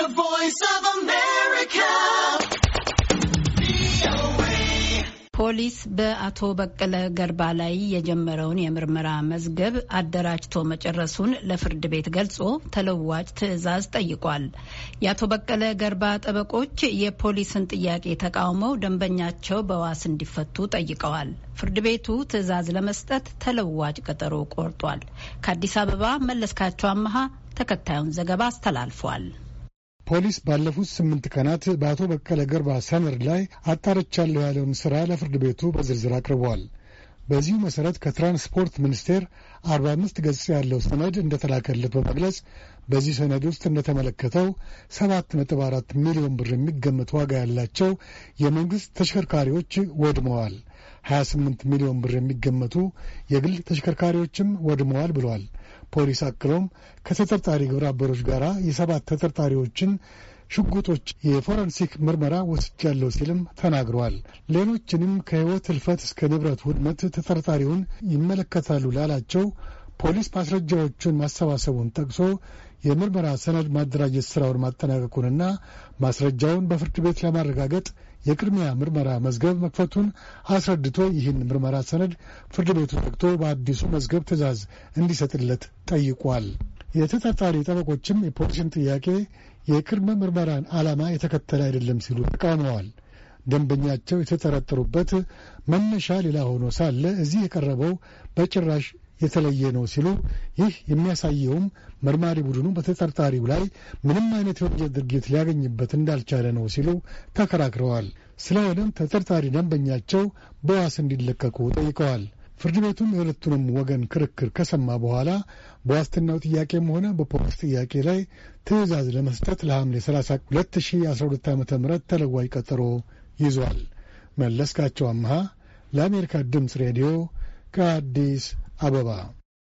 The Voice of America. ፖሊስ በአቶ በቀለ ገርባ ላይ የጀመረውን የምርመራ መዝገብ አደራጅቶ መጨረሱን ለፍርድ ቤት ገልጾ ተለዋጭ ትዕዛዝ ጠይቋል። የአቶ በቀለ ገርባ ጠበቆች የፖሊስን ጥያቄ ተቃውመው ደንበኛቸው በዋስ እንዲፈቱ ጠይቀዋል። ፍርድ ቤቱ ትዕዛዝ ለመስጠት ተለዋጭ ቀጠሮ ቆርጧል። ከአዲስ አበባ መለስካቸው አመሃ ተከታዩን ዘገባ አስተላልፏል። ፖሊስ ባለፉት ስምንት ቀናት በአቶ በቀለ ገርባ ሰመር ላይ አጣርቻለሁ ያለውን ስራ ለፍርድ ቤቱ በዝርዝር አቅርበዋል። በዚሁ መሠረት ከትራንስፖርት ሚኒስቴር 45 ገጽ ያለው ሰነድ እንደተላከለት በመግለጽ በዚህ ሰነድ ውስጥ እንደተመለከተው 7.4 ሚሊዮን ብር የሚገመት ዋጋ ያላቸው የመንግሥት ተሽከርካሪዎች ወድመዋል፣ 28 ሚሊዮን ብር የሚገመቱ የግል ተሽከርካሪዎችም ወድመዋል ብሏል። ፖሊስ አክሎም ከተጠርጣሪ ግብረ አበሮች ጋር የሰባት ተጠርጣሪዎችን ሽጉጦች የፎረንሲክ ምርመራ ወስጃለሁ ሲልም ተናግረዋል። ሌሎችንም ከሕይወት ህልፈት እስከ ንብረት ውድመት ተጠርጣሪውን ይመለከታሉ ላላቸው ፖሊስ ማስረጃዎቹን ማሰባሰቡን ጠቅሶ የምርመራ ሰነድ ማደራጀት ስራውን ማጠናቀቁንና ማስረጃውን በፍርድ ቤት ለማረጋገጥ የቅድሚያ ምርመራ መዝገብ መክፈቱን አስረድቶ ይህን ምርመራ ሰነድ ፍርድ ቤቱ ዘግቶ በአዲሱ መዝገብ ትዕዛዝ እንዲሰጥለት ጠይቋል። የተጠርጣሪ ጠበቆችም የፖሊስን ጥያቄ የቅድመ ምርመራን ዓላማ የተከተለ አይደለም ሲሉ ተቃውመዋል። ደንበኛቸው የተጠረጠሩበት መነሻ ሌላ ሆኖ ሳለ እዚህ የቀረበው በጭራሽ የተለየ ነው ሲሉ ይህ የሚያሳየውም መርማሪ ቡድኑ በተጠርጣሪው ላይ ምንም አይነት የወንጀል ድርጊት ሊያገኝበት እንዳልቻለ ነው ሲሉ ተከራክረዋል። ስለሆነም ተጠርጣሪ ደንበኛቸው በዋስ እንዲለቀቁ ጠይቀዋል። ፍርድ ቤቱም የሁለቱንም ወገን ክርክር ከሰማ በኋላ በዋስትናው ጥያቄም ሆነ በፖሊስ ጥያቄ ላይ ትዕዛዝ ለመስጠት ለሐምሌ 30 2012 ዓ ም ተለዋጭ ቀጠሮ ይዟል። መለስካቸው አምሃ ለአሜሪካ ድምፅ ሬዲዮ ከአዲስ አበባ